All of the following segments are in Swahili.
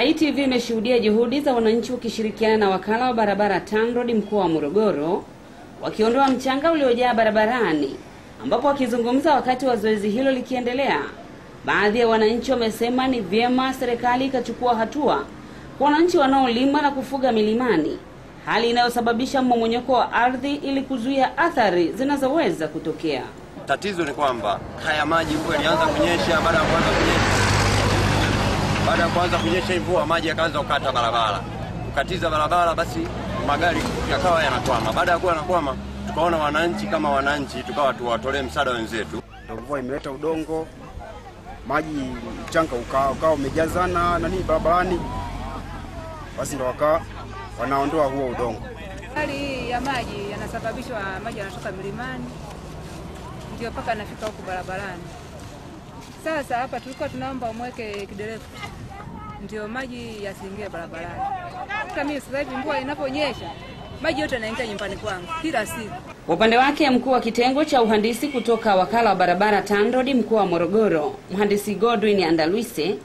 ITV imeshuhudia juhudi za wananchi wakishirikiana na wakala wa barabara TANROADS mkoa wa Morogoro wakiondoa mchanga uliojaa barabarani, ambapo wakizungumza wakati wa zoezi hilo likiendelea, baadhi ya wananchi wamesema ni vyema serikali ikachukua hatua kwa wananchi wanaolima na kufuga milimani, hali inayosababisha mmomonyoko wa ardhi ili kuzuia athari zinazoweza kutokea. Tatizo ni kwamba haya maji mvua yanaanza kunyesha, baada ya kuanza kunyesha baada ya kuanza kunyesha mvua, maji yakaanza kukata barabara, kukatiza barabara, basi magari yakawa yanakwama. Baada ya kuwa yanakwama, tukaona wananchi kama wananchi, tukawa tuwatolee msaada wenzetu. Mvua imeleta udongo, maji, mchanga ukawa umejazana nani barabarani, basi ndo wakawa wanaondoa huo udongo. Hali ya maji yanasababishwa, maji yanatoka milimani ndio mpaka yanafika huku barabarani. Sasa hapa tulikuwa tunaomba umweke kidereva ndio maji yasiingie barabarani. Hata mimi sasa hivi mvua inaponyesha maji yote yanaingia nyumbani kwangu kila siku. Kwa upande wake, mkuu wa kitengo cha uhandisi kutoka wakala wa barabara TANROADS mkoa wa Morogoro, mhandisi Godwin andaluise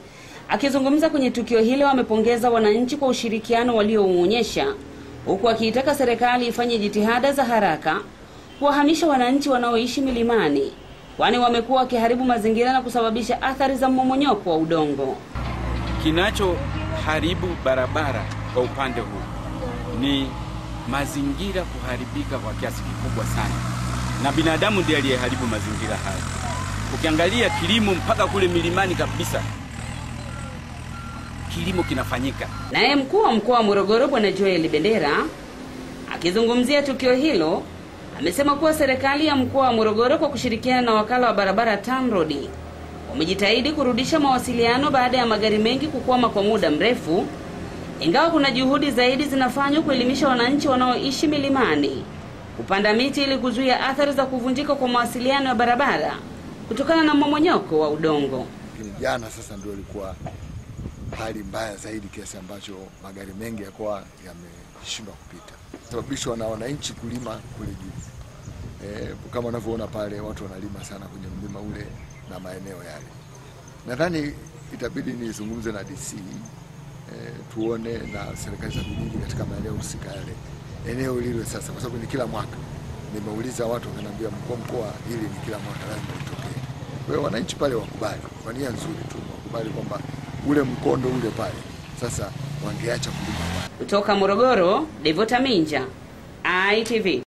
akizungumza kwenye tukio hilo, wamepongeza wananchi kwa ushirikiano waliouonyesha, huku akiitaka serikali ifanye jitihada za haraka kuwahamisha wananchi wanaoishi milimani kwani wamekuwa wakiharibu mazingira na kusababisha athari za mmomonyoko wa udongo. Kinachoharibu barabara kwa upande huu ni mazingira kuharibika kwa kiasi kikubwa sana, na binadamu ndiye aliyeharibu mazingira haya. Ukiangalia kilimo mpaka kule milimani kabisa kilimo kinafanyika. Naye mkuu wa mkoa wa Morogoro Bwana joeli Bendera akizungumzia tukio hilo amesema kuwa serikali ya mkoa wa Morogoro kwa kushirikiana na wakala wa barabara TANROADS wamejitahidi kurudisha mawasiliano baada ya magari mengi kukwama kwa muda mrefu, ingawa kuna juhudi zaidi zinafanywa kuelimisha wananchi wanaoishi milimani kupanda miti ili kuzuia athari za kuvunjika kwa mawasiliano ya barabara kutokana na mmomonyoko wa udongo. Jana sasa ndio ilikuwa hali mbaya zaidi kiasi ambacho magari mengi yakuwa yameshindwa kupita, sababishwa na wananchi kulima kule juu. E, kama unavyoona pale watu wanalima sana kwenye mlima ule na maeneo yale. Nadhani itabidi nizungumze na DC e, eh, tuone na serikali za vijiji katika maeneo husika yale, eneo lile sasa, kwa sababu ni kila mwaka. Nimeuliza watu wakaniambia, mkoa mkoa, hili ni kila mwaka lazima litokee. Kwa hiyo wananchi pale wakubali, kwa nia nzuri tu wakubali kwamba ule mkondo ule pale, sasa wangeacha kulima. Kutoka Morogoro, Devota Minja, ITV.